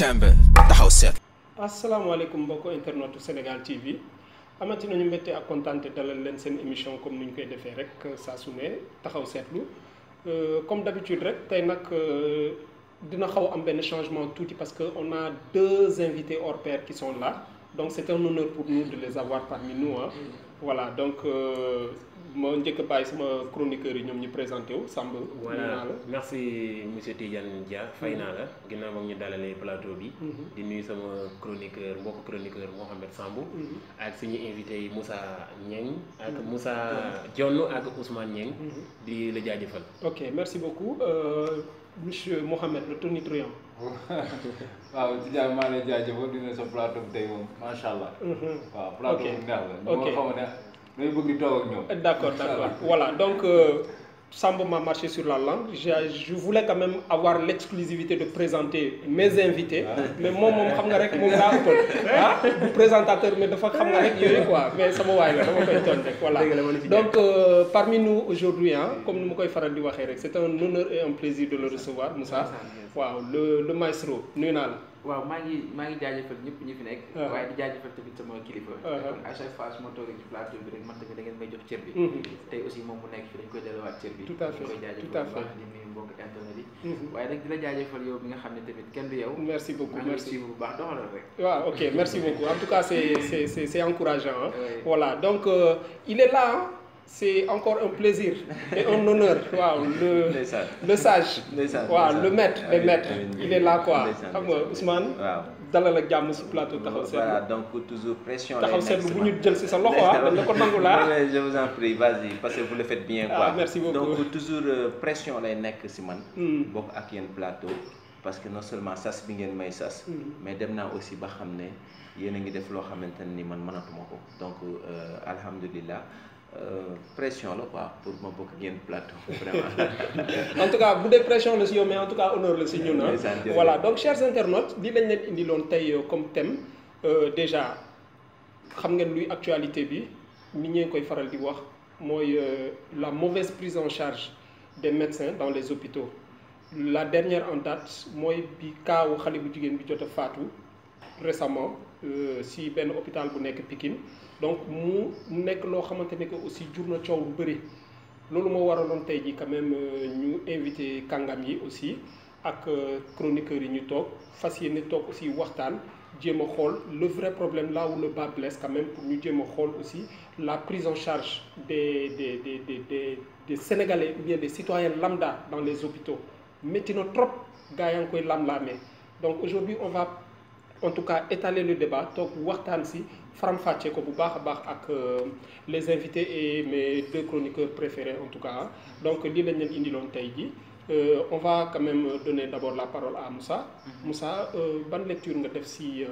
Assalamu taxaw seet. asalaamaaleykum mbokki internetu Sénégal TV amati nañu mbette ak contente dalal len sen émission comme niñ koy défé rek euh, saa su taxaw euh, comme d'habitude rek tey nag euh, dina xaw am ben changement touti parce que on a deux invités hors pair qui sont là donc c'est un honneur pour nous de les avoir parmi nous hein. mm. voilà donc. Euh, ma njëkk a bàyyi sama chroniqueur yi ñoom ñu présenté wu Samb. voilà naa la merci monsieur Tidiane Dia fay naa la ginnaaw ba ñu dalalee plateau bi. Mhm. di nuyu sama chroniqueur mbokk chroniqueur Mouhamed Samb. Mhm. ak suñu invité yi Moussa Niang. ak mhm. Moussa Dione ak Ousmane di la jaajëfal. ok merci beaucoup euh, monsieur Mouhamed le tonitruand. waaw ci maa ngi lay jaajëfal di nuyu sa plateau bi tey moom macha allah. waaw plateau bu neex la. ok D'accord, d'accord. voilà donc. Euh... Sambo m'a marché sur la langue. Je, voulais quand même avoir l'exclusivité de présenter mes invités. Ah. Mais moi, mon Khamgarek, mon Le ah. ah, présentateur, mais de fois Khamgarek, quoi. Mais ça me Voilà. Donc, euh, parmi nous aujourd'hui, hein, comme nous m'avons fait c'est un honneur et un plaisir de le recevoir, Moussa. Wow, le, le maestro, Nunal waaw maa ngi maa ngi jaajëfal ñëpp ñu fi nekk. Ah. waaye di jaajëfal tamit sama kilifa. Ah. kon à chaque fois su ma toogee ci plateau bi rek man tamit da ngeen may jox cër bi. Mm-hmm. tey aussi moom mu nekk fi dañ koy delluwaat cër bi. tout à fait tout à fait di nuyu mbokk internet yi. Mm-hmm. waaye nag dina jaajëfal yow bi nga xam ne tamit kenn du yow. merci beaucoup merci bu baax doxalal rek. waaw ok merci beaucoup en tout cas c'est c'est c'est encourageant. Hein. voilà donc euh, il est là. Hein c'est encore un plaisir et un honneur. Wow, le, le sage. waaw le maître le maître, il est là quoi xam nga Ousmane. waaw dalal ak sur si plateau taxaw seetlu. voilà donc toujours pression. taxaw seetlu bu ñu jël sa loxo ah dañ la ko je vous en prie vas-y parce que vous le faites bien ah, quoi. merci beaucoup donc toujours euh, pression lay nekk si man. Hmm. bokk ak yéen plateau. parce que non seulement sas bi ngeen may sas. Hmm. mais dem aussi ba xam ne a ngi def loo xamante ne ni man donc euh, alhamdulilah. Euh, pression là quoi pour ma bokk ngeen plateau vraiment. en tout cas vous dee pression la mais en tout cas honneur le si ah. voilà donc chers internautes li vous leen indi loon euh, comme thème euh, déjà xam ngeen luy actualité bi nit ñee koy faral di wax mooy la mauvaise prise en charge des médecins dans les hôpitaux la dernière en date mooy bi kaawu xale bu jigéen bi jot a faatu récemment si ben hôpital bu nekk Pikine donc mu nekk que aussi jur na invité aussi ak euh, chroniqueurs yi ñu aussi le vrai problème là où le bas blesse quand même pour aussi la prise en charge des des des des sénégalais bien des citoyens lambda dans les hôpitaux métti na trop gaa donc aujourd'hui on va en tout cas étaler le débat faram-fàccee ko bu baax baax ak euh, les invités et mes deux chroniqueurs préférés en tout cas hein. donc lii lañ leen indiloon ji euh, on va quand même donner d'abord la parole à Moussa. Mm-hmm. Moussa euh, ban lecture nga def si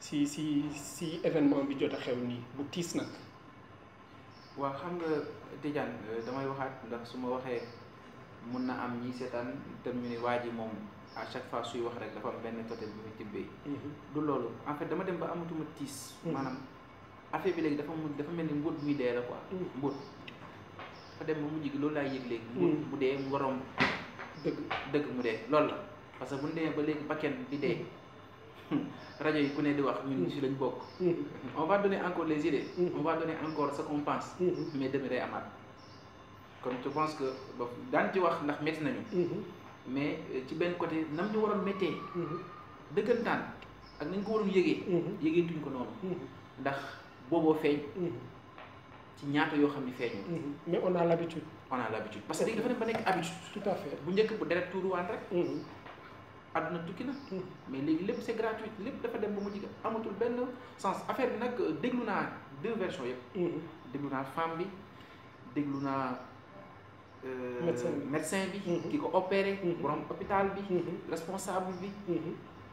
si si si événement bi jot a xew nii bu tiss nak. Wa xam nga Tidiane damay waxat ndax suma waxé waxee na am ñi sétane tam ñu ni waji mom à chaque fois suy wax rek dafa am benn côté bu muy tibbee. du loolu en fait dama dem ba amatuma tiis mm-hmm. maanaam affaire bi léegi dafa mu dafa mel ni mbóot buy dee la quoi mm-hmm. mbóot dafa dem ba mujj gi loolu laay yëg léegi mbóot mm-hmm. bu dee ngorom dëgg dëgg mu dee loolu la parce que bu ñu ba léegi bakken di dee rajo yi ku ne di wax ñun si lañ bokk on va donner encore les idées on va donner encore ce qu'on pense mais demi day amaat kon pense que ba daan ci wax ndax nañu mais ci benn côté nam ñu ak nañ ko waroon yëgee mhm. yëgeetuñ ko noonu mhm. ndax booboo feeñ mhm. ci ñaata yoo xam ne feeñu mais on a l'habitude on a l'habitude parce que léegi dafa dem ba nekk habitude tout à fait bu njëkk bu deret tuuruwaan rek àdduna tukki na mais léegi lépp c'est gratuit lépp dafa dem ba mu jig amatul benn sens affaire bi nag euh, déglu naa deux versions yëpp déglu naa femme bi déglu naa euh, médecin bi médecin bi ki ko opéré borom hôpital bi responsable bi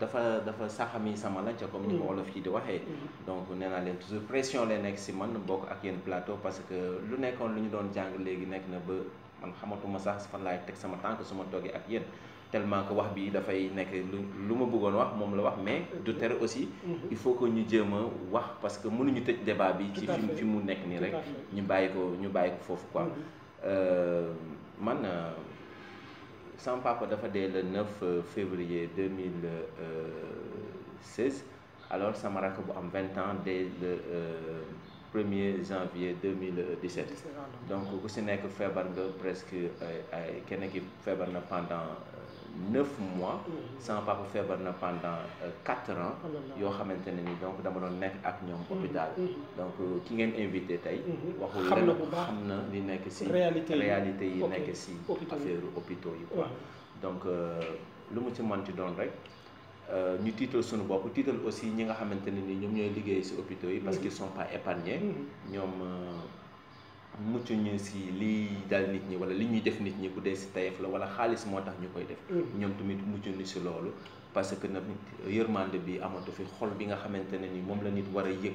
dafa dafa saxami sama la ci comme ni ko mm. wolof yi di waxe mm. donc nee len toujours pression les nek ci man bok ak yéen plateau parce que lu nekkoon luñu ñu doon jàng léegi nekk na ba man xamatuma sax fan lay tek sama tànk su ma toogee ak yéen tellement que wax bi da fay nek lu ma bëggoon wax mom la wax mais du terre aussi mm-hmm. il faut que ñu jëma wax parce que mënu ñu tëj débat bi ci fi fi mu nekk nii rek ñu bayiko ñu bayiko fofu quoi mm-hmm. euh man euh, sans papa dafa dès le 9 euh, février 2016 euh, alors ça m'a 20 ans dès le 1er euh, janvier 2017 donc ku si que presque ay pendant pendant 9 mois sans pas feebar na pendant 4 euh, ans oh yo xamante ni donc dama don nek ak ñoom mm-hmm. hôpital mm-hmm. donc euh, ki ngeen invité tay mm-hmm. waxul leen xam li nek ci réalité réalité yi nek ci affaire hôpitaux yi quoi donc euh, lu mu ci man ci don rek ñu tiital suñu bop tiital aussi ñi nga xamante ne ni ñoom ñooy liggéey ci hôpitaux yi parce qu'ils sont pas épargnés ñom muccuñu si lii dal nit ñi wala li ñuy def nit ñi bu dee si tayef la wala xaalis moo tax ñu koy def mm. ñoom tamit mucc si loolu parce que nag yërmande bi amatu fi xol bi nga xamante ne ni moom la nit war a yëg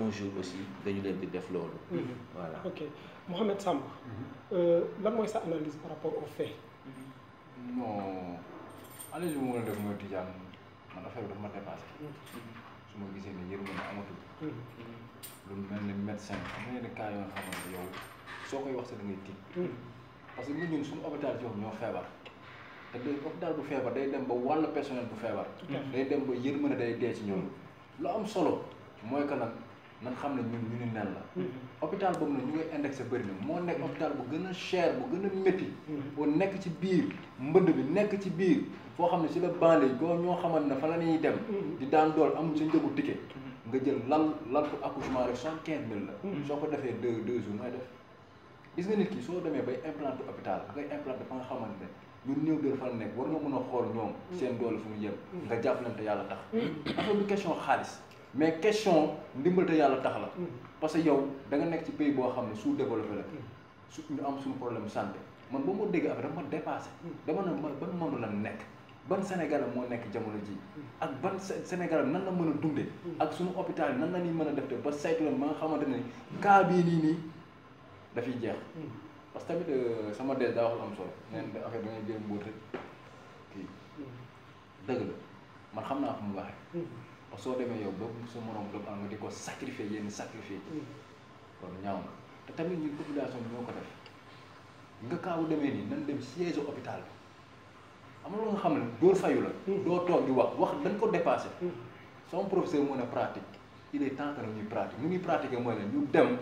un jour aussi dañu leen di def loolu. Mm-hmm. voilà ok Mouhamed Samb. Mm-hmm. Euh, lan mooy sa analyse par rapport au fait. Mm-hmm. non analyse bu ma la def mooy Tijaan man affaire bi dafa ma dépassé. su ma gisee ne yërmande amatul. lu mel ni médecin am na yenn cas yoo xamante ne yow soo koy wax sa da ngay tiit. parce que ñun suñu hôpital ci wax ñoo feebar. te day hôpital bu feebar day dem ba wàllu personnel bu feebar. day dem ba yërmande day dee ci ñoom. lu am solo mooy que nag. nan xam ne ñun ñu ni nen la mm-hmm. hôpital boobu nag ñu koy indexé bëri na moo nekk hôpital bu gën a cher bu gën a métti mm-hmm. boo nekk ci biir mbënd bi nekk ci biir foo xam ne si la banlieue goo ñoo xaman ne fa la ñuy dem mm-hmm. di daan dool amul sa njëgu ticket nga jël lal lal pour accouchement rek cent quinze mille la soo ko defee deux deux jours ngay def gis nga nit ki soo demee bay implanté hôpital ngay implanté fa nga xamante ne ñu néew doole fan nekk war nga mën a xool ñoom seen doole fu mu yem nga jàppalante yàlla tax mais question ndimbal te yàlla tax la. Mm-hmm. parce que yow da nga nekk ci pays boo xam ne sous-développé la. Mm-hmm. su ñu am suñu problème santé man ba ma dégg affaire dama dépassé. Mm-hmm. dama ne man ban monde la nekk ban Sénégal moo nekk jamono ji ak ban Sénégal nan la mën a dundee. ak suñu hôpital yi nan la ñuy mën a def te ba saytu leen ba nga xamante ne cas bii nii nii dafiy jeex. parce que tamit euh, sama dee daa wax lu am solo. neen da affaire da ngay kii dëgg la man xam naa fu mu waxee. soo demee yow ba sa morom doomu am nga di ko sacrifier yenn sacrifier mm. kon ñaaw na te tamit ñun population bi ñoo ko def nga kaawu demee nii nan dem siège hôpital bi am na loo nga xam ne dóor fayu la mm. doo toog di wax wax dañ ko dépassé mm. soo professeur mu ne pratique il est temps que ñuy pratique ñu ngi pratiquer mooy la ñu dem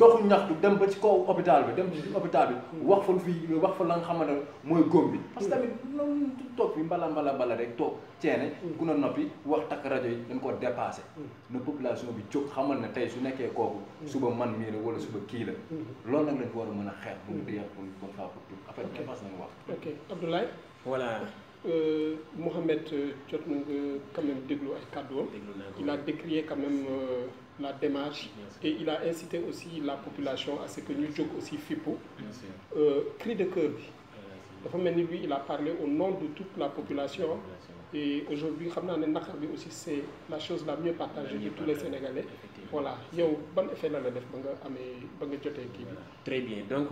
doxu ñaxtu dem ba ci kaw hôpital bi dem ci hôpital bi hmm. wax fa lu fi wax fa la nga xamante ne mooy góom bi parce que tamit loolu toog fi mbala mbala mbala rek toog ceene ku hmm. na noppi wax takk rajo yi dañ ko dépassé hmm. na population bi jóg xamal ne tey su nekkee kooku suba man mii la wala kii la loolu nag a mën a xeex bu ñu dee pour bon faa pour tout après dépassé nañu wax ok Abdoulaye na euh, euh, nga quand même déglu ay kàddu am il a décrié quand euh, la démarche et il a incité aussi la population à ce que nous jouons aussi Euh, cri de cœur euh, Donc lui il a parlé au nom de toute la population et aujourd'hui aussi c'est la chose la mieux partagée de tous les Sénégalais voilà yow bon effet la def très bien donc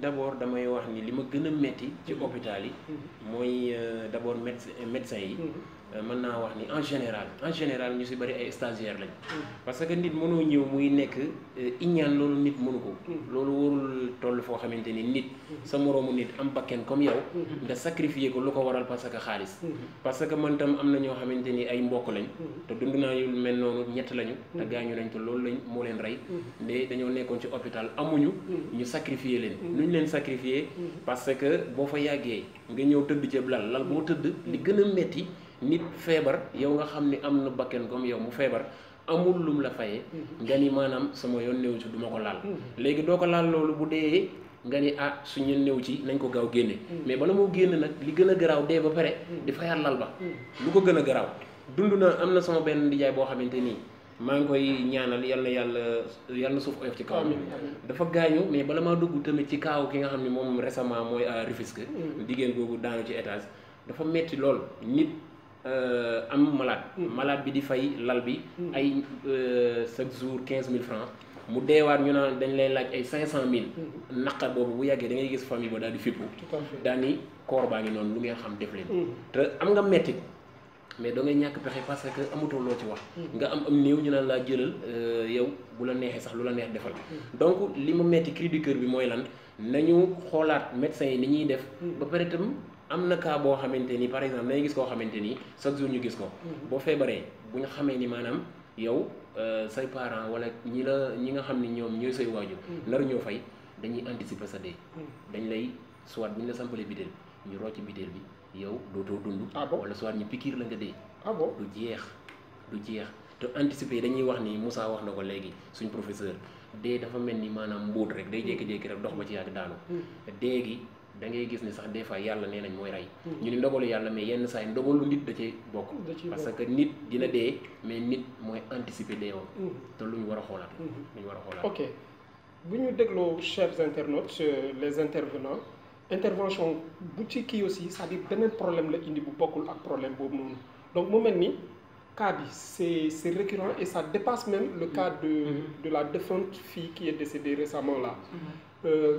d'abord je wax ni li ma gën a metti ci mm-hmm. mm-hmm. euh, d'abord médecin mm-hmm. Euh, mën naa wax ni en général en général ñu si bëri ay stagiaires lañ. Mm. parce que nit mënoo ñëw muy nekk euh, iñaan loolu nit mënu ko. Mm. loolu warul toll foo xamante ni nit. Mm-hmm. sa moroomu nit am bakken comme yow. Mm-hmm. nga sacrifier ko lu ko waral parce que xaalis. Mm-hmm. parce que man tam am na ñoo xamante ni ay mbokk lañ. te dund naa yu mel noonu ñett lañu. te gaañu nañ te loolu lañ moo leen rey. mais dañoo nekkoon ci hôpital amuñu. ñu sacrifier leen. nu ñu leen sacrifier. parce que boo fa yàggee nga ñëw tëdd ca lal lal boo tëdd li gën a metti. nit feebar yow nga xam ni am na bakken comme yow mu feebar amul lum la fayee mhm. nga ni maanaam sama yoon néew ci du ma ko laal mhm. léegi doo ko laal loolu bu dee nga ni ah suñu néew ci nañ ko gaaw génne mhm. mais bala moo génn nag li gën a garaaw dee ba pare di fayaat lal ba lu ko gën a garaaw dund na am na sama benn ndijaay boo xamante nii maa ngi koy ñaanal yal na yàlla yal na suuf ci kawam dafa gaañu mais bala maa dugg tamit ci kaaw ki nga xam ne moom récemment mooy à Rufisque. jigéen googu daanu ci étage dafa metti lool nit Euh, am malaat malaat bi di fay lal bi. ay euh, chaque jour quinze mille francs mu deewaat ñu naan dañ lay laaj ay cinq cent mille. Mm-hmm. naqar boobu bu yàggee da ngay gis famille ba daal di fippu. daal ni koor baa ngi noonu lu ngeen xam def leen. Mm-hmm. te am nga mettit mais da ngay ñàkk pexe parce que amatoo loo ci wax. Mm-hmm. nga am am néew ñu naan laa jëlal euh, yow bu la neexee sax lu la neex defal. donc li ma metti cri du bi mooy lan nañu xoolaat médecin yi ni ñuy def. ba pare tam am na cas boo xamante ni par exemple dañuy gis koo xamante ni chaque jour ñu gis ko. Mm-hmm. boo feebaree bu ñu xamee ni maanaam yow euh, say parents wala ñi la ñi nga xam ni ñoom ñooy say waajur. Mm-hmm. nar ñoo fay dañuy anticiper sa dee. Mm-hmm. dañ lay soit bu ñu la sampalee bideel ñu rocc bideel bi yow dootoo dund. Ah wala soit ñu pikiir la nga dee. ah bon du jeex du jeex te anticiper dañuy wax ni musaa wax na ko léegi suñ professeur dee dafa mel ni maanaam mbóot rek day jékki-jékki rek dox ba ci yàgg daanu. dee gi. da ngay gis ne sax des fois yàlla nee nañ mooy rey hmm. ñu ni ndogalu yàlla mais yenn saa yi nit da cee bokk parce que nit dina dee mais nit mooy anticiper deewam hmm. te lu ñu war a xoolaat hmm. lu ñu war a ok bu ñu chers internautes euh, les intervenants intervention bu ci kii aussi c'est-à-dire beneen problème la indi bu bokkul ak problème boobu donc mu mel ni cas bi c'est c'est récurrent et ça dépasse même le cas de de la défunte fille qui est décédée récemment là euh,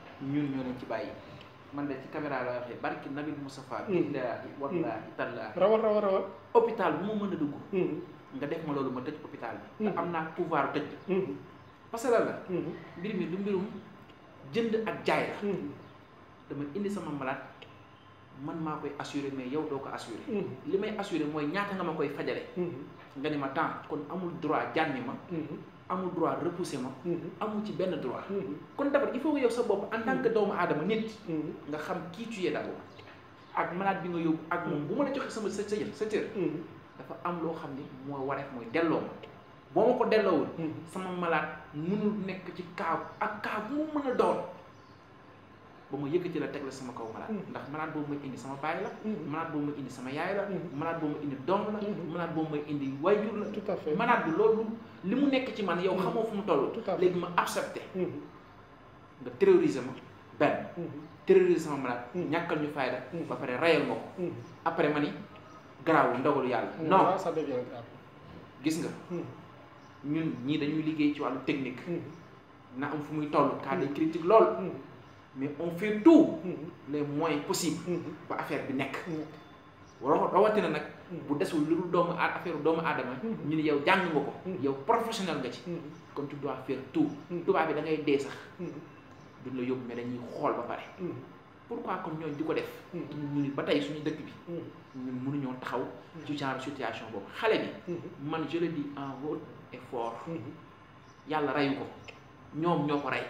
ñun ñoo leen ci bàyyi man de ci caméra la waxee barki nabil Moustapha mm. billaahi wallaahi mm. tallaahi rawal rawal rawal hôpital bu ma mën a mm. nga def ma loolu ma tëj hôpital bi te am naa pouvoir tëj bi parce que lan la mbir mbirum jënd ak jaay la dama indi sama malaat man maa koy assuré mais yow doo ko assuré li may assuré mooy ñaata nga ma koy fajale nga ni ma temps kon amul droit jànni ma amul droit repousser ma. Mhm. amul ci benn droit. Mhm. kon d'abord i faut que sa bopp en tant que mhm. doomu aadama nit. nga xam kii tu es ak malaat bi nga yóbbu ak moom bu ma la joxee sama sa sa sa cër. dafa am loo xam ni mooy wareef mooy delloo ma boo ma ko delloowul. sama malaat mënul nekk ci kaabu ak kaaw bu mu mën a doon. ba ma yëkkati la teg la sama kaw malaat mm. ndax malaat boobu may indi sama baay la mm. malaat boobu may indi sama yaay la mm. malaat boobu may indi doom la malaat boobu may indi waajur la tout à fait malaat bi loolu li mu nekk ci man yow xamoo fu mu toll léegi ma accepté nga terroriser ma benn terroriser sama malaat ñàkkal ñu fayda ba pare rayal ma ko après ma ni garaawul ndogalu yàlla gis nga ñii dañuy liggéey ci wàllu technique na am fu muy toll cas de critique lool mais on fait tout mm-hmm. les moyens possibles ba mm-hmm. affaire bi nekk mm-hmm. waroo rawatina nag bu desul lu dul doomu a affaire doomu aadama ñu ne yow jàng nga ko yow professionnel nga ci kon tu dois faire tout tubaab bi da ngay dee sax duñ la yóbbu mais dañuy xool ba pare pourquoi comme ñooñu ko def ñu ni ba tey suñuy dëkk bi ñun mënuñoo taxaw ci genre situation boobu xale bi man je le dis en haut et yàlla reyu ko ñoom ñoo ko rey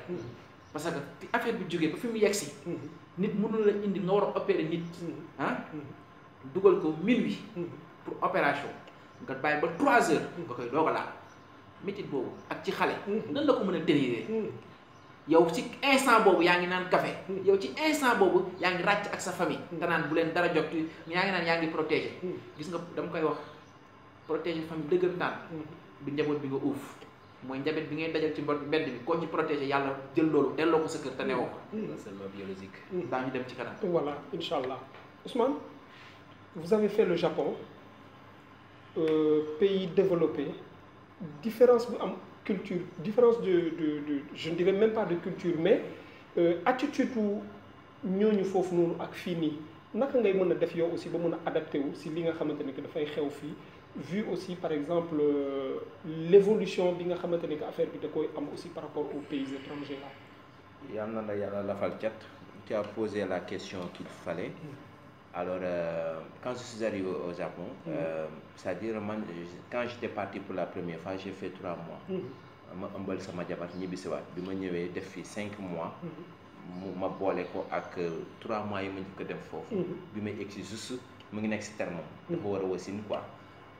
parce que fi affaire bi jógee ba fi mu yegg si mhm. nit mënul la indi nga war a opérer nit mhm. ah mhm. dugal ko minuit pour opération nga bàyyi ba trois heures nga koy doog a laal métit boobu ak ci xale nan la ko mën a tenir yow ci instant boobu yaa ngi naan kafe yow ci instant boobu yaa ngi ràcc ak sa famille nga naan bu leen dara jot yaa ngi naan yaa ngi protégé gis nga dama koy wax protégé famille dëggantaan du njaboot bi nga uuf moy njabet bi ngeen dajal ci mbedd bi ko ci protéger yalla jël lolu delloo ko sa kër te newoo ko. harcèlement hmm. biologique. Hmm. ñu dem ci kanam. voilà inshallah Ousmane vous avez fait le Japon euh, pays développé différence bu am culture différence de de de je ne dirais même pas de culture mais euh, attitude wu ñooñu fofu noonu ak fini naka ngay mëna def yow aussi ba mëna a adapté wu si li nga xamanteni ne da fay xew fii vu aussi par exemple euh, l'évolution bi nga xamante ne affaire bi da koy am aussi par rapport aux pays étrangers là. yal na la fal ciat tu as posé la question qu'il fallait mm. alors euh, quand je suis arrivé au Japon mm. euh, c'est-à-dire man quand j'étais parti pour la première fois j'ai fait trois mois mm. ma ëmbal sama jabar ñibbisiwaat wat bima ñewé def fi 5 mois ma bolé ko ak 3 euh, mois yi ma njëkk a def foofu bi may juste mu ngi nekk si terme dafa war a wasin quoi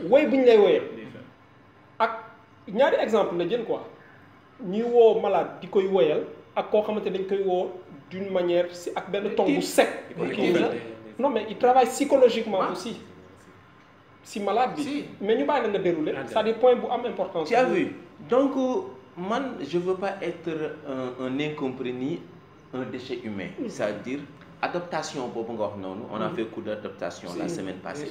woy buñ lay woyee ak ñaari exemple la jël quoi ñuy woo malade di koy woyal ak koo xamante dañ koy woo d'une manière si ak benn ton sec non mais il travaille psychologiquement ah. aussi si malade bi mais ñu bàyyi na nga dérouler ah, c'est-à-dire point bu am importance tu as vu donc euh, man je veux pas être un, un incompris un déchet humain c'est-à-dire adaptation boobu nga wax noonu on a fait coup d'adaptation la semaine passée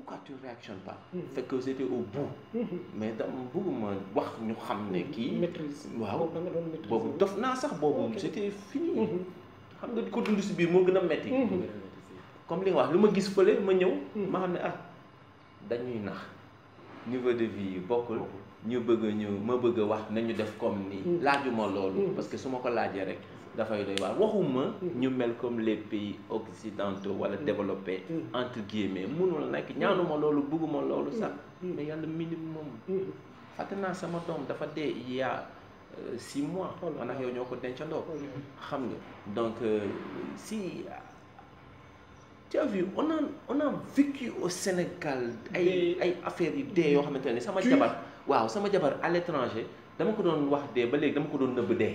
pourquoi tu réactionnes pas mm-hmm. fekk que c'était au bout mm-hmm. mais dama bëgguma wax ñu xam ne mm-hmm. maîtrise waaw boobu dof naa sax boobu c'était fini xam nga ko dund si biir moo gën a metti comme li nga wax lu ma gis fële ma ñëw ma xam ah dañuy nax niveau de vie yi bokkul ñu bëgg ñu ma bëgg a wax nañu def comme nii laajuma loolu parce que su ma ko laajee rek dafay doy waar waxuma ñu mel comme les pays occidentaux wala mm. développés mm. entre guillemets mënul nekk ñaanuma loolu bugguma le sax mm. mais le minimum fàtte naa sama doom dafa dee il y a euh, six mois On a réuni au ko dencandoo oh xam donc euh, si tu as vu on a on a vécu au Sénégal ay ay affaires yu dee yoo xamante ne sama jabar waaw sama jabar à l'étranger dama ko doon wax dee ba léegi dama ko doon nëbb dee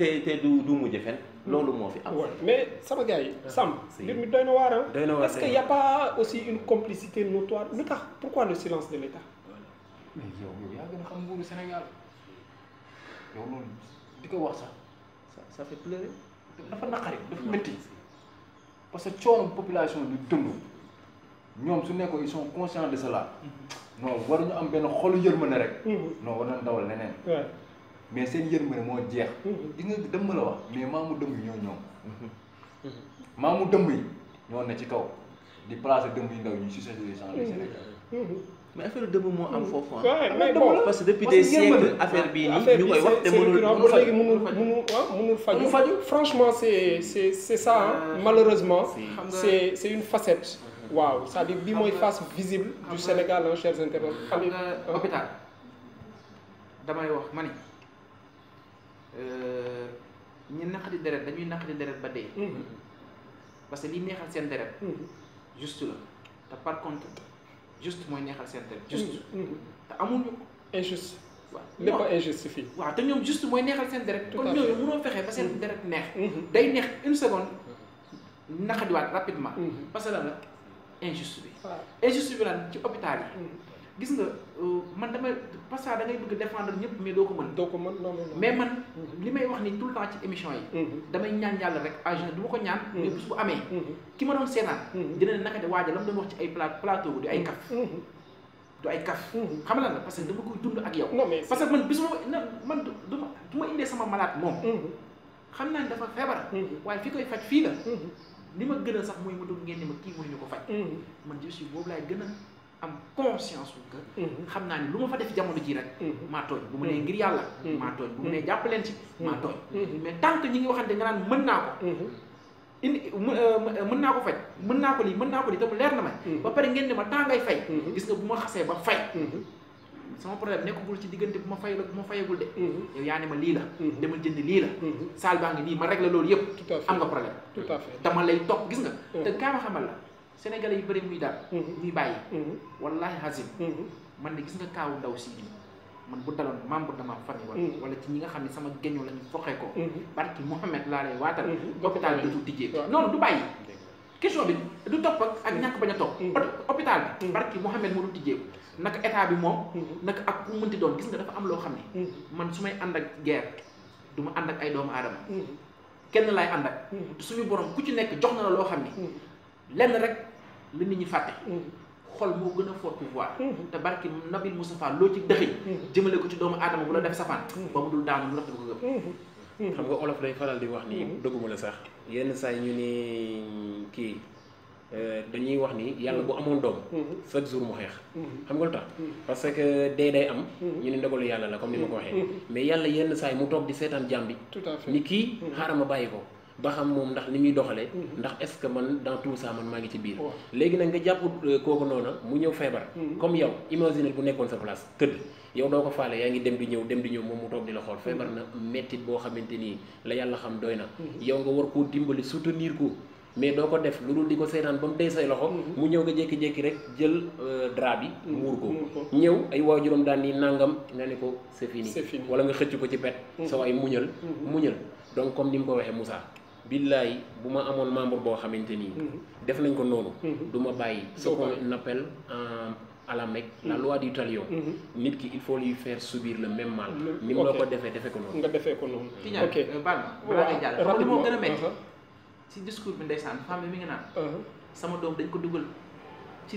te te du du mujj fen loolu moo fi am. mais sama gars yi. Ah, Samb mbir mi doy na waar ah. doy na waar est-ce que y a pas aussi une complicité notoire lu tax pourquoi le silence de l'État. mais yow yow yaa gën a xam nguuru Sénégal yow loolu di ko wax ça ça fait pleurer dafa naqari dafa métti parce que coono population du dund ñoom su nekkoon ils sont conscients de cela mm-hmm. non waruñu am benn xolu yërmande rek. Mm-hmm. non war nañ dawal leneen mais seen yërmande moo jeex. Mhm. gis nga dëmb la wax mais maamu dëmb yi ñoo ñoom. Mhm. Mhm. maamu dëmb yi ñoo ne ci kaw di placer dëmb yu ndaw yi ci société Sénégal. mais affaire dëmb moo am foofu ah. parce que depuis des siècles affaire bii nii ñu koy wax te mënul mënul léegi mënul ah, mënul faju franchement c'est c'est c'est ça hein. malheureusement c'est c'est une facette. waaw c'est-à-dire bii mooy face visible du Sénégal hein chers internautes. xam nga hôpital euh. damay wax mané Euh, ñi naqari deret dañuy naqari deret ba dee. Mhm. parce que li neexal seen deret. Mhm. juste la te par contre juste mooy neexal seen deret. Mhm. juste te amuñu ko. injuste. waaw lépp a injustifié. waaw te ñoom juste mooy neexal seen deret. kon ñooñu mënoo fexe ba seen deret neex. day neex une seconde naqadiwaat rapidement. parce que lan la injuste bi. injuste bi lan ci hôpital yi. gis nga euh, man dama parce que da ngay bëgg défendre ñëpp mais doo ko mën. doo ko mën non mais man mhm. li may wax ni tout le temps ci émission yi. Mhm. damay ñaan yàlla rek agent du ko ñaan. mais mhm. bés bu amee. ki ma doon seetaan. dina ne naka de waaja la mu doon wax ci ay pla plateau du ay kaf. du ay kaf. xam nga lan parce que dama koy dund ak yow. non mais parce que man bés ma man du ma indee sama malaat moom. xam naa ne dafa feebar. waaye fi koy faj fii la. li ma gën a sax mooy mu dugg ngeen ne ma kii mooy ko faj. man je boobu laay gën a. am conscience wu que mhm. xam naa ni lu ma fa def jamono ji rek mhm. maa tooñ bu mu nee ngir yàlla mhm. maa tooñ bu mu nee jàpp ci maa tooñ mais tant que ñi ngi waxante nga naan euh, euh, mën naa ko faj mën naa ko lii mën naa ko lii te leer na ma ba pare ngeen ne ma temps ngay fay gis nga bu ma xasee ba fay sama problème nekkul ci diggante bu ma fay la bu ma fayagul de yow yaa ne ma lii la demal jënd lii la saal baa ngi nii ma régler loolu yëpp am nga problème tout à fait dama lay topp gis nga te kaa ma xamal la sénégalais yi bëri muy daal ñuy mhm. bàyyi mhm. wallahi hasim mhm. man de gis nga kaawu ndaw si bi man bu daloon membre de ma wala wala ci nga sama géñoo la ñu foqee ko barki Mouhamed laa lay waatal hôpital bi du tijjee noonu du bàyyi question bi du topp ak ñàkk bañ a topp hôpital bi barki Mouhamed moo du tijjeeku naka état bi moom naka ak ku mënti doon gis nga dafa am loo xam man su may ak guerre du ma ak ay doomu aadama kenn laay ànd ak suñu borom ku ci jox na la rek li nit ñi fàtte mm-hmm. xol moo gën a fort pouvoir mm-hmm. te barki Nabil Moustapha loo ci dëxëy mm-hmm. jëmale ko ci doomu aadama bu la def safaan ba mu dul daanu lu rafet xam nga olof day faral di wax ni dëgguma la sax yenn saa ñu ni kii euh, dañuy wax ni yàlla bu amoon doom chaque jour mu xeex xam nga lu tax parce que dee day am ñu ne ndogalu yàlla la comme ni ma ko mais yàlla yenn saa yi mu toog di seetaan jàmbi ni kii xaaral ma bàyyi ko ba xam moom ndax ni muy doxalee. Mm-hmm. ndax est-ce que man dans tout ça man maa ngi ci biir. léegi nag nga jàpp euh, kooku noonu mu ñëw feebar. Mm-hmm. comme yow imaginer bu nekkoon sa place tëdd. yow doo ko faale yaa ngi dem di ñëw dem di ñëw moom mu toog di la xool feebar mm-hmm. na mettit boo xamante nii la yàlla xam doy na. yow nga war koo dimbali soutenir ko. mais doo ko def lu dul di ko seetaan ba mu dee say loxo. mu ñëw nga jékki-jékki rek jël euh, drap bi. muur ko ñëw ay waajuram daan ni nangam nga ne ko c'est fini. wala nga xëcc ko ci pet. soo ay muñal. muñal donc comme ni mu ko waxee Moussa. billahi buma amone membre mhm. def nañ ko mhm. euh, à la mec, la mhm. loi du talion il faut lui faire subir le même mal nim ko fait. ko nga ko de ok euh, bal uh-huh. discours bi femme mi ngi uh-huh. sama dom dañ ko ci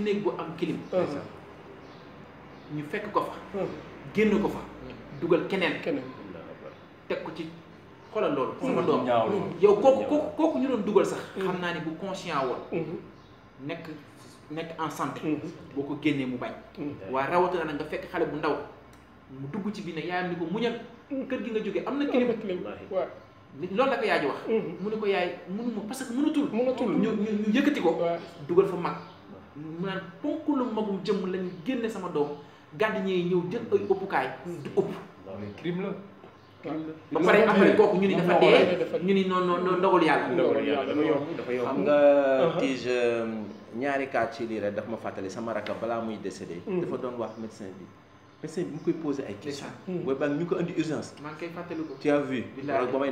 kilim uh-huh. ñu fekk ko fa ko fa xoolal loolu sama doom yow kooku kooku kooku ñu doon dugal sax mm-hmm. xam naa ni bu conscient woon mm-hmm. nekk nekk en santé mm-hmm. boo ko génnee mu bañ waaye rawatina nag nga fekk xale bu ndaw mu dugg ci bii ne yaayam ni ko muñal kër gi nga jóge am na kilim lool la ko yaay ji wax mu ne ko yaay mënuma parce que mënatul mënatul ñu ñu yëkkati ko dugal fa mag mu naan ponk lu magum jëmm lañ génne sama doom gardien yi ñëw jël ay ëppukaay du ëpp ba pare après kooku ñu ni dafa dee ñu ni non non ndogalu yàlla. ndogalu yàlla dafa xam nga tige uh-huh. um, ñaari cas ci lii daf ma fàttali sama rakab balaa muy décédé. Hmm. dafa doon wax médecin bi. bi mu koy posé ay questions. Hmm. ba ñu ko indi urgence. maa ngi koy fàttaliku. tu as vu. wala ba may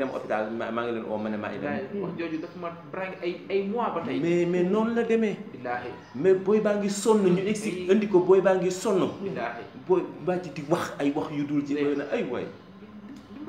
maa ngi leen oo ma ne maa ngi dafa ma hmm. ay mois ba tey. mais mais noonu la demee. billaahi mais booy baa ngi sonn ñu expliqué indi ko booy baa ngi sonn. billaahi booy baa ci di wax ay wax yu dul ci. ay waay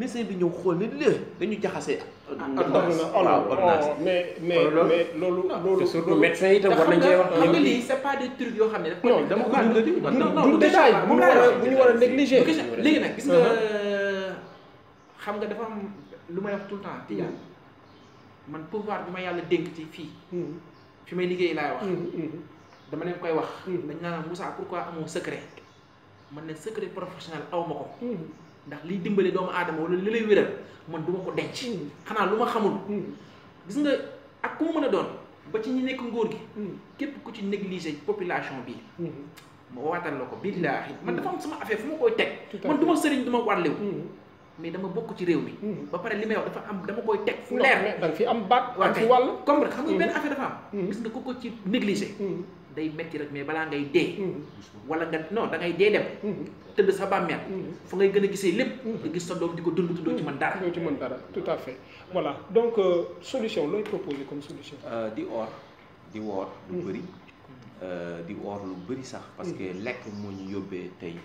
médecin bi ñëw xool ne léegi dañu jaxase. ordonnance mais mais mais loolu. loolu surtout médecin yi tam war nañ cee wax. xam nga lii c'est pas des ne daf non dama ko dundati. non non du a bu ñu a négliger. léegi nag euh, xam nga dafa am lu may wax tout le temps mm. man pouvoir bi ma yàlla dénk ci fii. Mm. fi may liggéey laay wax. Mm, dama leen koy wax. dañ naan Moussa pourquoi amoo secret. man ne secret professionnel aw ma ko. ndax liy dimbale doomu aadama wala li lay wéral man duma ma ko denc mm. xanaa lu ma xamul mm. gis nga ak ku mu mën a doon ba ci ñi nekk nguur gi mm. képp ku ci négliger population bi ma waatal la ko billaahi man dafa am sama affaire fu ma koy teg man du ma sëriñ du ma warliw mais dama bokk ci réew mi ba pare li may wax dafa am dama koy teg fu leer da nga fi am baat am fi wàll comme xam nga benn affaire dafa am gis nga ku ko ci négliger day metti rek mais bala ngay dé mm-hmm. wala nga non da ngay dé dem mm-hmm. teud sa bàmmeel mm-hmm. fa ngay gëna gisé gisee lépp nga gis sa doom di ko dund ci man dara ci man dara tout à fait voilà donc euh, solution loy proposer comme solution euh di or di wor du bari euh di wor lu bari sax parce que lekk mo ñu yobé tay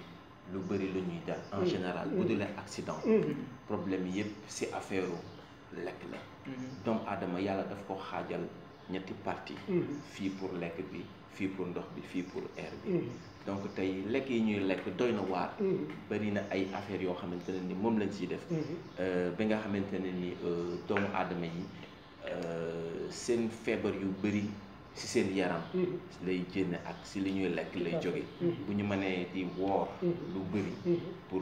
lu bari lu ñuy dal en général bu dul accident problème yépp ci affaire lekk la doomu adama yalla daf ko xajal ñetti parti mm-hmm. fii pour lekk bi fii pour ndox bi fii pour air bi mm-hmm. donc tey lekk yi ñuy lekk doy na waar mm-hmm. bari na ay affaires yoo xamante ne ni moom lañ ciy def euh, ba nga xamante ne ni euh, doomu aadama yi euh, seen feebar yu bari si seen yaram lay génn ak si li ñuy lekk lay jóge bu ñu mënee di woor lu bari pour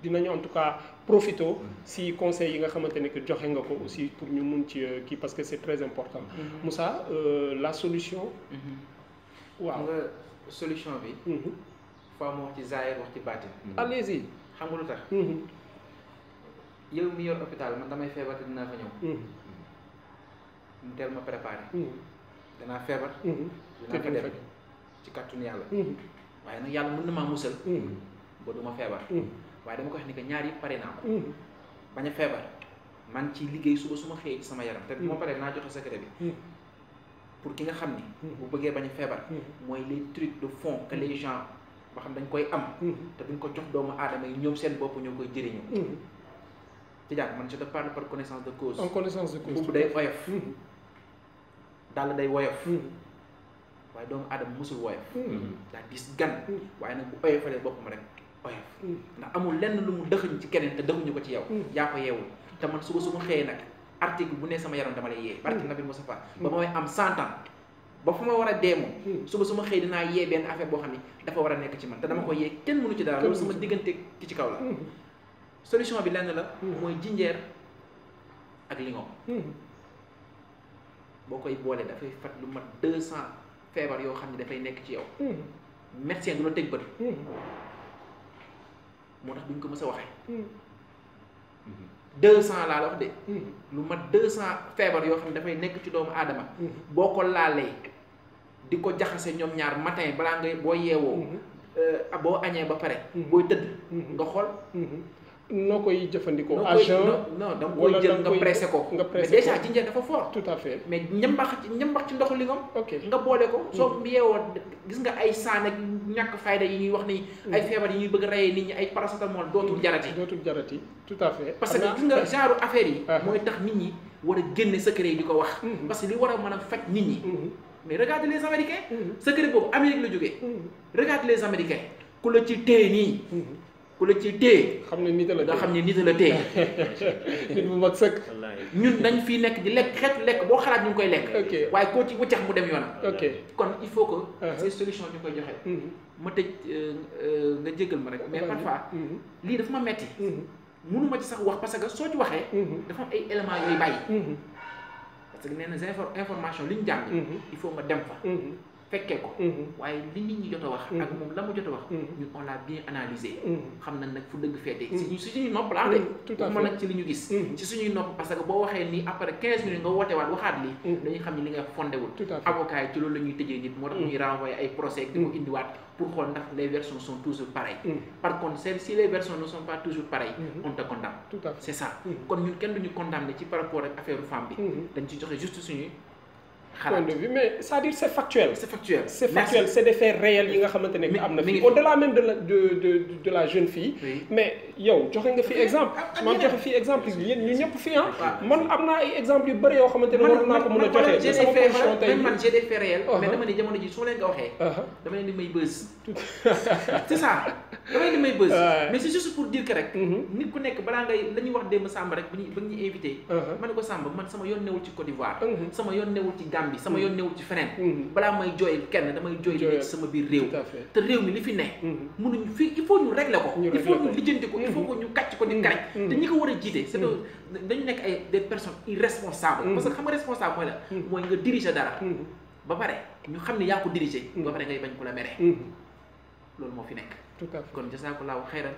dinañu en tout cas profité mm-hmm. si conseil yi nga xamante que joxe nga ko aussi pour ñu mun ci euh, ki parce que c'est très important. Mm-hmm. Moussa euh, la solution. Mm-hmm. waaw nga solution bi. fa mu wax ci zaahir wax ci baatin. allez-y. xam nga lutax tax. yow mi yor hôpital man damay feebar te dinaa fa ñëw. mu teel ma préparer danaa feebar. dinaa fa dem ci kàttanu yàlla. waaye nag yàlla mën na maa musal. ba du ma feebar. waaye dama ko wax ni que ñaar yëpp pare naa ko mm. bañ a feebar man ci liggéey suba su ma xëyee sama yaram te bu ma mm. paree naa joxe secret bi mm. pour ki nga xam ni bu bëggee bañ a feebar mooy les trucs de fond que les gens ba xam dañ koy am te buñ ko jox doomu aadama yi ñoom seen bopp ñoo koy jëriñoo ci jàpp man je te parle par connaissance de cause en connaissance de cause boobu day oyof dàll day woyof waaye doomu aadama mosul woyof daa diis gan waaye nag bu oyofalee boppam rek oyof ndax amul lenn lu mu dëxëñ ci keneen te dëxuñu ko ci yow hmm. yaa ko yeewul te man suba su ma xëyee nag article bu ne sama yaram dama lay yee barke hmm. Nabi Mustafa hmm. ba ma may am cent ba fu ma war a dee moom suba su ma xëy dinaa yee benn affaire boo xam ne dafa war a nekk ci man te dama ko yee kenn mënu ci dara sama diggante ki ci kaw la solution bi lenn la mooy jinjeer ak lingom boo koy boolee dafay faj lu mat deux sant feebar yoo xam ne dafay nekk ci yow médecin du la teg bët moo tax duñ ko mës a waxee. Hmm. Hmm. 200 laa la wax de. Hmm. lu mat 200 feebar yoo xam ne dafay nekk ci doomu aadama. boo ko laalee di ko jaxase ñoom ñaar matin balaa ngay boo yeewoo. Euh, boo añee ba pare. booy tëdd nga xool. noo koy jëfandikoo. agent non da nga koy jël nga pressé ko. nga pressé ko mais dafa fort. tout à fait mais ñambax ci ñambax ci ndoxu lingam. ok nga boole ko. soo mm-hmm. yeewoo gis nga ay saan ak ñàkk fayda yi ñuy wax ni. Mm-hmm. ay feebar yi ñu bëgg a reyee nit ñi ay paracetamol dootul jarati. dootul jarati parce que gis nga genre affaire yi. Ah. mooy tax nit ñi war a génne secret yi di ko wax. Mm-hmm. parce que li war a mën a faj nit ñi. mais regarde les américains. secret boobu Amérique la jógee. regarde les ku la ciy téye. xam ne nit la nga xam ne nit la téye. nit bu mag ñun dañ fii nekk di lekk xeetu lekk boo xalaat ñu koy lekk. waaye koo ci wuccax mu dem yoonam. ok kon il faut que. ces uh-huh. solutions ñu koy joxe. Mm-hmm. ma tëj euh, euh, nga jégal ma rek mais parfois. Mm-hmm. lii dafa ma metti mm-hmm. mënu ma ci sax wax parce que soo ci waxee. dafa am ay éléments yooyu bàyyi. parce que nee na information li ñu jàng. il faut ma dem fa. fekkee ko mhm. waaye li nit ñi jot wax ak mom mhm. lamu mu wax mhm. ñu on l'a bien analysé xam nañ nag fu dëgg feetee si suñu nopp laa de ma nak ci li ñu gis ci suñu nopp parce que bo waxé ni après 15 minutes nga woté waat waxaat li dañuy xam ne li nga fondé wul avocat ci loolu lañuy ñuy nit mo tax ñuy renvoyer ay procès di ko waat pour xool ndax les versions sont toujours pareilles par contre si les versions ne sont pas toujours pareilles on te condamne c'est ça kon ñun kenn duñu condamné ci par rapport ak affaire femme bi dañ ci joxé juste suñu mais cest dire c'est factuel. c'est factuel c'est factuel c'est des faits réels yi nga au-delà même de la jeune fille. mais yow joxe nga fi exemple. exemple man j'ai des faits réels. Uh-huh. mais dama jamono c'est ça dama uh-huh. mais c'est juste pour dire que rek. Mm-hmm. nit ku wax Samba rek invité. Uh-huh. Samba man Gambie sama mm-hmm. yoon newul ci feneen mm-hmm. balaa may jooyal kenn damay jooyal ci sama biir réew te réew mi li fi ne mënuñu mm-hmm. fi il faut ñu régler ko il faut ñu lijjanti ko il faut que ñu ko di karaj te ñi ko war a jiite c'est que dañu nekk ay des personnes irresponsables parce que xam nga responsable mooy la mooy nga diriger dara ba pare ñu xam ne yaa ko diriger ba pare ngay bañ ko la mere loolu moo fi nekk kon jasaakallahu xayran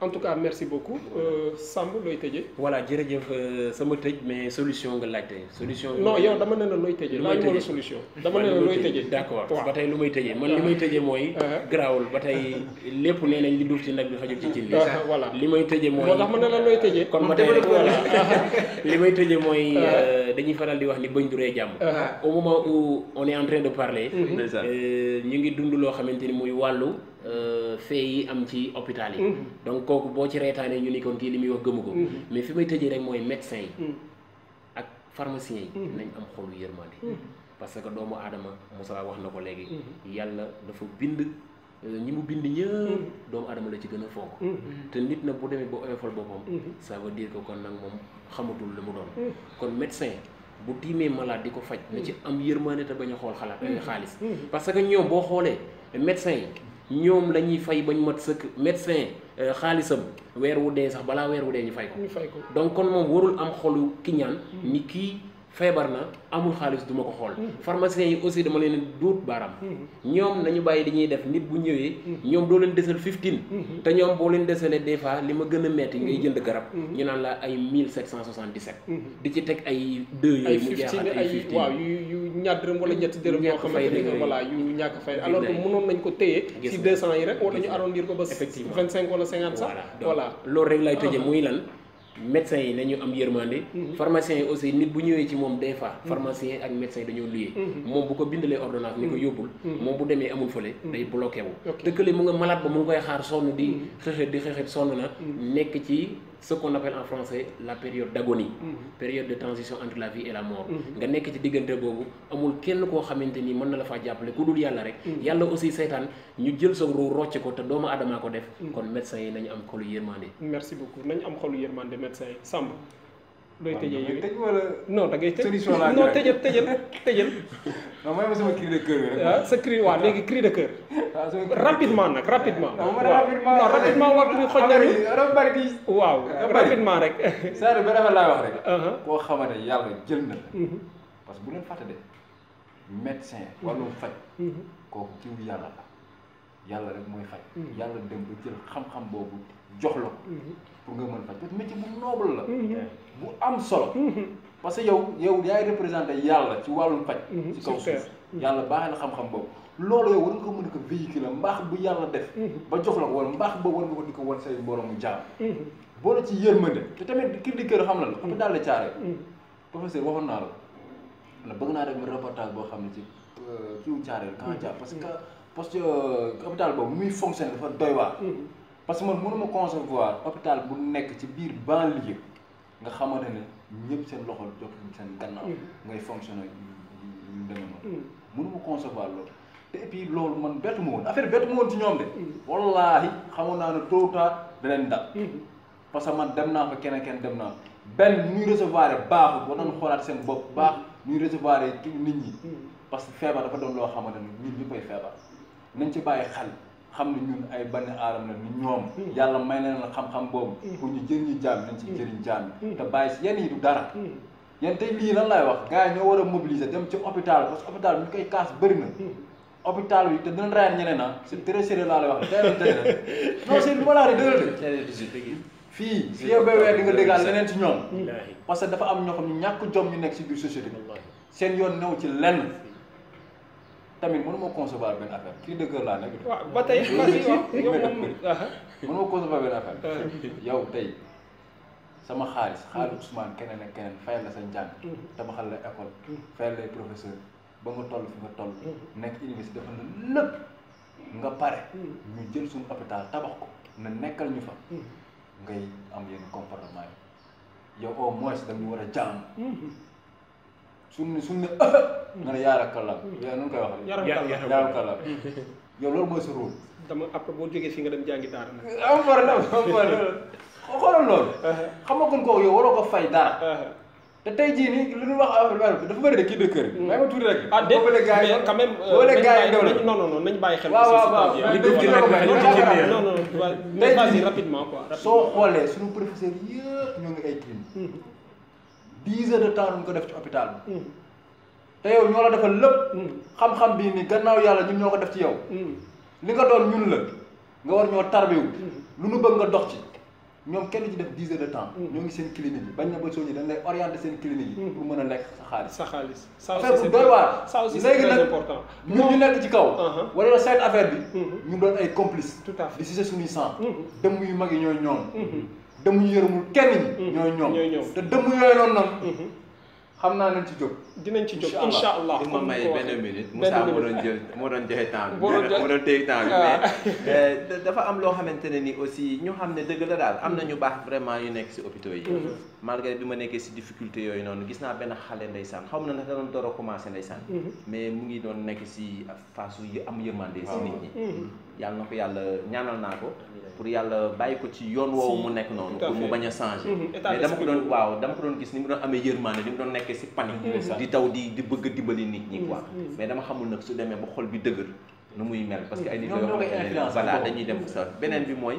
en tout cas merci beaucoup euh, Samb loy tëjee. voilà jërëjëf euh, sama tëj mais solution nga laajte solution. non yow dama ne la looy tëjee. looy tëjee solution. dama ne loy looy d'accord d' accord ba tey lu may man limay ah. may moy ah. grawul garaawul ba tey lépp nee li duuf ci nak bi xajul ci cin ah, voilà limay may moy wax man tax ma ne la looy tëjee. kon ba tey limay may moy euh, dañuy faral di wax ni bëñ du ree jàmm. au moment où on est en train de parler. euh ñi ngi dund lo xamanteni ni muy wàllu. Euh, fee yi am ci hôpital yi mm-hmm. donc kooku boo ci reetaanee ñu ni kon kii li muy wax gëmu ko mm-hmm. mais fi may tëjee rek mooy médecin yi mm-hmm. ak pharmacien yi nañ am xolu yërmande parce que doomu aadama Moussa wax na ko léegi yàlla dafa bind euh, ñi mu bind ñëpp doomu adama la ci gën a foog te nit na bu demee ba oyofal boppam sa veut ko kon nag moom xamatul li mu doon kon médecin bu tiimee malade di ko faj na ci am yërmande te bañ a xool xalaat ay xaalis parce que ñoom boo xoolee médecin ñoom la ñuy fay bañ mat sëkk médecin euh, xaalisam weer wu dee sax balaa weer wu dee ñu fay ko. ñu fay ko donc kon moom warul am xolu ki ñaan mm. ni kii. feebar na amul xaalis du ma ko xool pharmaciens yi aussi dama leen duut baaraam ñoom nañu bàyyi li ñuy def nit bu ñëwee ñoom doo leen desal fifteen te ñoom boo leen desalee des fois li ma metti ngay jënd garab ñu la ay mille di ci teg ay deux yooyu mu jeex ay fifteen waaw yu yu ñaar dërëm wala ñetti dërëm yoo xamante ni voilà yu ñàkk fay alors que mënoon nañ ko téye ci deux cent yi rek wala ñu arrondir ko ba vingt cinq wala cinquante sax voilà loolu rek lay tëjee ah. muy lan médecins yi nañu am yërmande. Mhm. pharmaciens yi aussi nit bu ñëwee ci moom des fois. Mhm. pharmaciens ak médecins yi dañoo luyee. Mhm. moom bu ko bindalee ordonnance ni ko yóbbul. moom bu demee amul fële. day bloqué wu. dëkkale mu nga malade ba mu ngi koy xaar sonn di xëxët di xëxët sonn na nekk ci. ce qu'on appelle en français la période d'agonie mhm. période de transition entre la vie et la mort mhm. nga nekk ci diggante boobu amul kenn ko xamante ni mën na la fa jàppale ku dul yalla rek mhm. Yalla aussi seytaan ñu jël so ruu rocc ko té doomu aadamaa ko def kon médecin yi nañu am xolu yërmande merci beaucoup nañu am xolu yërmande médecins yi Samb looy tëjee non da ngay non tëjal tëjal non mooy sama cri de cœur ah, sa cri waaw léegi cri de cœur. Ah, rapidement nag rapidement. Ah, waaw rapidement waaw rapidement rek. Sadio ba dafa laa wax rek. Uh-huh. koo xamante yàlla jël na mm-hmm. parce que bu leen fàtte de médecin mm-hmm. wàllum faj. Mm-hmm. kooku jiw yàlla la yàlla rek mooy faj. yàlla dem ba jël xam-xam boobu jox la pour nga mën faj parce que mhm. solo. Mhm. parce que yow yow yaay représenté yàlla ci wàllum faj. Mhm. ci kaw suuf yàlla baaxee na xam-xam boobu. loolu yow war nga ko mën a ko véhiculer mbaax bu yàlla def. ba jox la ko wala mbaax boobu war nga ko di ko wan say boroomu jaam. boole ci yërmande te tamit kii di kër xam na la. xam daal la caare. professeur waxoon naa la. la bëgg naa dem mi reportage boo xam ne ci euh, kii wu caare la. parce que parce que euh, hôpital boobu muy fonctionner dafa doy waar. parce que man mënuma concevoir hôpital bu nekk ci biir banlieue nga xamante ne ñëpp seen loxo jox seen gannaaw. Mm. ngay fonctionner ñu demee noonu. Mm. mënuma concevoir loolu. te et loolu man bettu ma affaire bettu ma woon ci ñoom de. Mm. wallaahi xamoon naa ne tôt ou tard danañ dal. parce que man dem naa fa keneen kenn dem naa benn ñuy recevoir baaxul war nañu xoolaat seen bopp baax ñuy kii nit ñi. parce que feebar dafa doon loo xamante ne ñun ñu koy feebar nañ ci bàyyi xel. xam ne ñun ay banni aaram na ñu ñoom hmm. yàlla may na leen xam-xam boobu hmm. pour ñu jëriñu jaam nañ ci hmm. jëriñ jaan yi te bàyyi si yenn yi du dara yéen tey lii laay wax ñoo war a mobiliser dem ci hôpital parce bi ñu koy kaas bëri na hôpital bi te dinañ rayal ñeneen ah c'est très sérieux laa lay wax teel teel non c'est malaari fii si yow bay weer di nga déggaat leneen ci ñoom parce que dafa am ñoo xam ñàkk jom ñu nekk si biir société seen yoon new ci lenn tamit mënu ma concevoir benn affaire cri de cœur laa nekk. waaw ba tey yow moom mënu benn affaire. Ah. yow tey sama xaalis xaalis Ousmane keneen ak keneen fayal la sa njàng. Mm-hmm. tabaxal la école. Mm-hmm. fayal lay professeur ba nga toll fi nga toll. Mm-hmm. nekk université dafa na lépp nga pare. ñu jël suñu hôpital tabax ko na nekkal ñu fa. ngay am yenn comportement yi yow au moins dañu war a jaam. suñu suñu ne nga ne yaara kàllaam. yaara nu koy waxee. yaara kàllaam yow loolu mooy sa rôle. dama après boo jógee fii nga dem jàngi daara nag. Ah, am problème am problème xoolal loolu. xam nga kon kooku yow waroo ko fay dara. te tey jii nii lu ñu wax dafa bëri de kii de kër. maa ngi tuuti rek. ah déet mais quand même. Euh, boole gars yi doole non non non nañ bàyyi xel. waaw waaw waaw li dugg ci nekk non non non. tey jii rapidement quoi. soo xoolee suñu professeur yëpp ñoo ngi ay clim. dix heures de temps lañ ko def ci hôpital bi. Mm. te yow ñoo la defal lépp. Mm. xam-xam bii ni gannaaw yàlla ñun ñoo ko def ci yow. Mm. li nga doon ñun la nga war ñoo tarbiwu. lu nu bëgg nga dox ci. ñoom kenn ci def dix heures de temps. ñoo ngi seen clinique yi bañ na ba soo ñu dañ lay seen clinique yi. pour mën a lekk sa xaalis. sa xaalis ça aussi c'est léegi nag ñun ñu nekk ci kaw. Uh-huh. wala la seet affaire bi. Mm-hmm. ñu doon ay complices. tout à fait di sucer suñuy sang. Mm-hmm. dëmm yu mag yi ñooy ñoom. Mm-hmm. dëmm yu yërëmul kenn ñi. Mm-hmm. ñooy ñoom ñooy ñoom te dëmm yooyu noonu noonu. Mm-hmm. xam naa nañ ci jóg. dinañ ci jóg incha allah di ma may benn minute Moussa moo doon jël moo doon joxe temps moo doon téye temps mais. Euh, dafa am loo xamante ne ni aussi ñoo xam ne dëgg la daal am na ñu mm-hmm. baax vraiment yu nekk si hôpitaux yi. malgré bi ma nekkee si difficulté yooyu noonu gis naa benn xale ndeysaan xaw ma na da doon door a commencé ndeysaan. mais mu ngi doon nekk si phase yu am yërmande si nit ñi. yàlla na ko yàlla ñaanal naa ko pour yàlla bàyyi ko ci yoon woowu mu nekk noonu pour mu bañ a changer mhm, mais dama ko doon waaw dama ko doon gis ni mu doon amee yërmaande ni mu doon nekkee si panique mhm, di daw di di bëgg a dimbali nit ñi quoi mhm, mais dama xamul nag su demee ba xol bi dëgër nu muy mel parce que ay nit yoo xamante ne voilà dañuy dem sa beneen bi mooy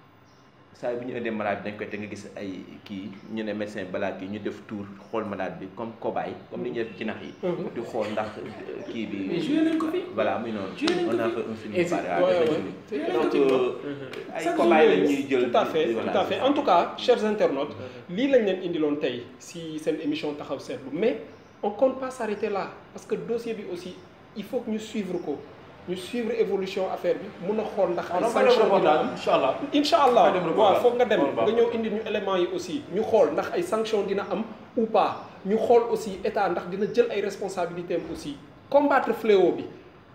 saa bu ñu indee malade bi dañ koy te nga gis ay kii ñu ne médecin balaa kii ñu def tour xool malade bi comme cobaye comme li ñu def ci nax yi. Mhm. di xool ndax euh, kii bi. mais joué nañ ko fi voilà muy noonu. on a fait un film donc euh, mhm. ay cobaye la ñuy jël tout à fait tout à fait en tout cas chers internautes lii lañ leen indiloon tey si cette émission taxaw seetlu mais on compte pas s'arrêter là parce que dossier bi aussi il faut que ñu suivre ko nous suivre évolution affaire bi mun n'a xool ndax. ay ah, sanction dina faut incha allah incha des nga dem nga indi ñu éléments yi aussi ñu xool ndax ay sanction dina am ou pas ñu xool aussi état ndax dina jël ay responsabilités aussi combattre fléau bi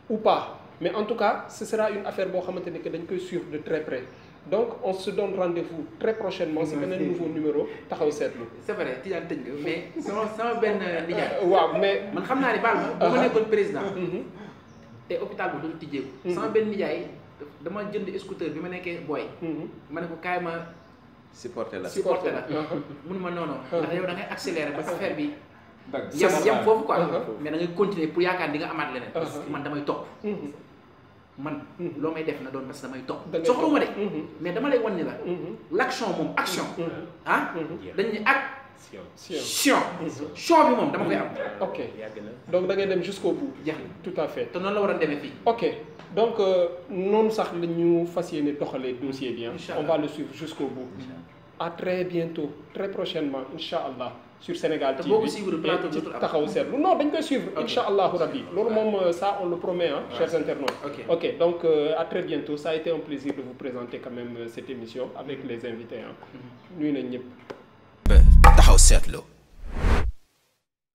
ou pas mais en tout cas ce sera une affaire boo xamante que dañ koy suivre de très près donc on se donne rendez-vous très prochainement c'est un nouveau numéro taxaw seetlu. c'est vrai Tidiane tëj nga mais sama sama benn nijaay. Euh, waaw mais man xam naa ne baal ma uh-huh. président. Mm-hmm. te hôpital bi doon tijjeeku. Mhm. sama benn nijaay dama jënd scooter bi ma nekkee booy. Mhm. ma ne ko kaay ma. supporter la supporter la. Mhm. mun ma noonu. ndax yow da ngay accélérer ba affaire bi. yem yem foofu quoi. mais da ngay continuer pour yaakaar di nga amaat leneen. man damay topp. man loo may def na doon parce que damay topp. soxluma de mais dama lay wan ni la. l' action moom action. ah dañ ni ak. sion sion bi moom dama koy am ok donc da ngay jusqu'au bout Yeah. tout à fait te noonu la war ok donc euh, nous sax la ñu fas yéene dossier bien hein. on va le suivre jusqu'au bout à très bientôt très prochainement Inch'Allah, sur Sénégal TV aussi vous ci taxaw seetlu non dañ koy suivre incha allahu rabbi loolu euh, ça on le promet hein, chers internautes ok donc euh, à très bientôt ça a été un plaisir de vous présenter quand même cette émission avec les invités ah nuyu అవసర్లు